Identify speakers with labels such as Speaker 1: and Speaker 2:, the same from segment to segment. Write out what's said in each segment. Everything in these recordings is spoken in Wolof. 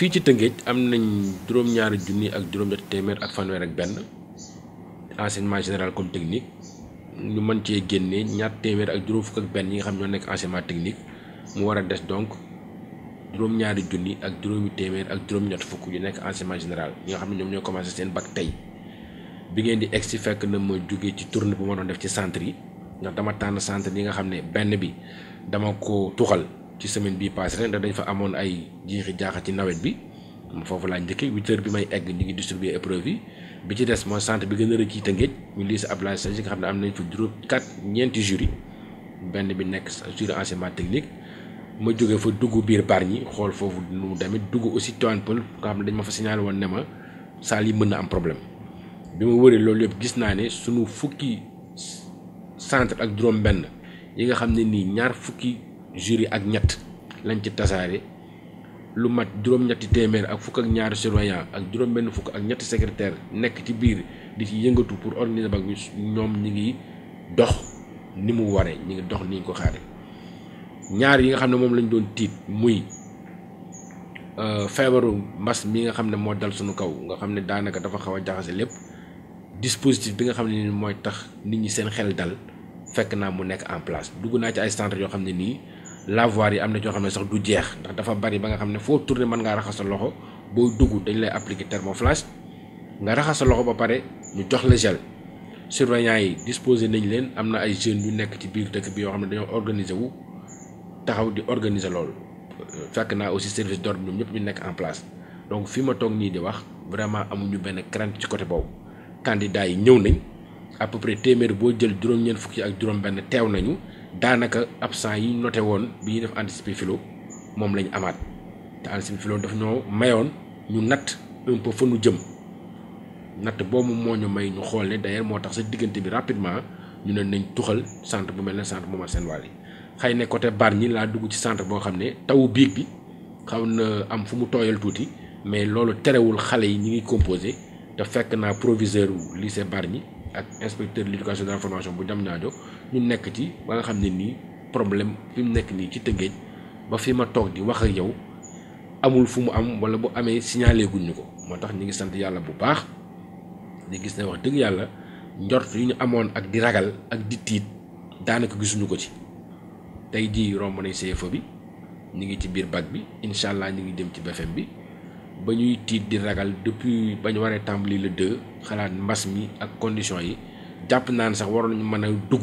Speaker 1: Fiji ci tëngeej am nañ juróom-ñaari junni ak juróom-ñetti téeméer ak fanweer ak benn enseignement général comme technique ñu mën ke génne ñaar téeméer ak juróom ak benn yi nga xam ñoo nekk enseignement technique mu wara a des donc juróom-ñaari junni ak juróomi téeméer ak juróom-ñett fukk yu nek enseignement général ñi nga xam ne ñoom ñoo commencé seen bac tey bi ngeen di egg si fekk na ma jógee ci tournée bu ma doon def ci centre yi ndax dama centre yi nga xam ne bi dama ko tuxal ci semaine bi passé nag ndax dañ fa amoon ay jiixi jaaxa ci nawet bi foofu laa njëkke huit heures bi may egg ñu ngi distribuer épreuve yi bi ci des mooy centre bi gën a rëcc ci Tëngéej ñu lycée Abdoulaye Sadji nga xam ne am nañ fa juróom quatre ñeenti jury benn bi nekk jury enseignement technique ma jóge fa dugg biir Bargny xool foofu nu demit dugg aussi Tivaouane Peulh nga xam ne dañ ma fa signalé woon ne ma saal yi mën na am problème bi ma wëree loolu yëpp gis naa ne suñu fukki centre ak juróom benn yi nga xam ne nii ñaar fukki jury ak ñett lañ ci tasaare lu mat juróom-ñetti téeméer ak fukk ak ñaari surveillant ak juróom-benn fukk ak ñetti secrétaire nekk ci biir di ci yëngatu pour organiser bac bi ñoom ñi ngi dox ni mu waree ñi ngi dox ni ñu ko xaare ñaar yi nga xam ne moom lañ doon tiit muy euh, feebaru mbas mi nga xam ne moo dal suñu kaw nga xam ne daanaka dafa xaw a jaxase lépp dispositif bi nga xam ne ni mooy tax nit ñi seen xel dal fekk naa mu nekk en place dugg naa ci ay centre yoo xam ne nii lavoir yi am na joo xam ne sax du jeex ndax dafa bari ba nga xam ne foo tourné man nga raxas sa loxo booy dugg dañ lay appliquer thermoflash nga raxas sa loxo ba pare ñu jox la gel surveillants yi disposé nañ leen am na ay jeunes yu nekk ci biir dëkk bi yoo xam ne dañoo organiser wu taxaw di organiser loolu fekk naa aussi service d'ordre ñoom ñëpp ñu nekk en place donc fi ma toog nii di wax vraiment amuñu benn crainte ci côté boobu candidats yi ñëw nañ à peu près boo jël juróom fukki ak juróom-benn nañu daanaka ab absent yi noté woon bi ñuy def anticipé philo moom lañ amaat te anticipé philo daf ñoo mayoon ñu natt un peu fa nu jëm natt mu moo ñu may ñu xool ne d'ailleurs moo tax sa diggante bi rapidement ñu ne nañ tuxal centre bu mel ne centre Momar Sène Wally xëy na côté Bargny laa dugg ci centre boo xam ne tawu biig bi xaw na am fu mu tooyal tuuti mais loolu terewul xale yi ñu ngi composé te fekk naa proviseur lycée Bargny ak inspecteur de l'éducation de la formation bu Diamniadio ñu nekk ci ba nga xam ne nii problème fi mu nekk nii ci tëngeej ba fi ma toog di wax ak yow amul fu mu am wala bu amee signalé guñ ñu ko moo tax ñu ngi sant yàlla bu baax di gis ne wax dëgg yàlla njort yu ñu amoon ak di ragal ak di tiit daanaka gisuñu ko ci tey jii romb nañ CFA bi ñu ngi ci biir bac bi incha allah ñu ngi ci BFM bi ba ñuy tiit di ragal depuis ñu waree tàmbali le 2 xalaat mbas mi ak condition yi jàpp naan sax waroon ñu mën a dugg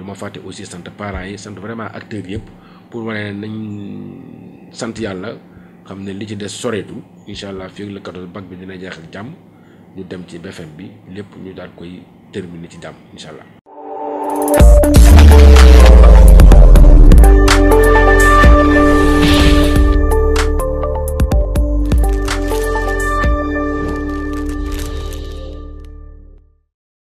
Speaker 1: du ma fàtte aussi sant parents yi sant vraiment acteurs yëpp pour wane ne nañ sant yàlla xam ne li ci des soreetu incha allah fii ak le 14 bac bi dina jeexal jàmm ñu dem ci BFM bi lépp ñu daal koy terminer ci jàmm incha allah.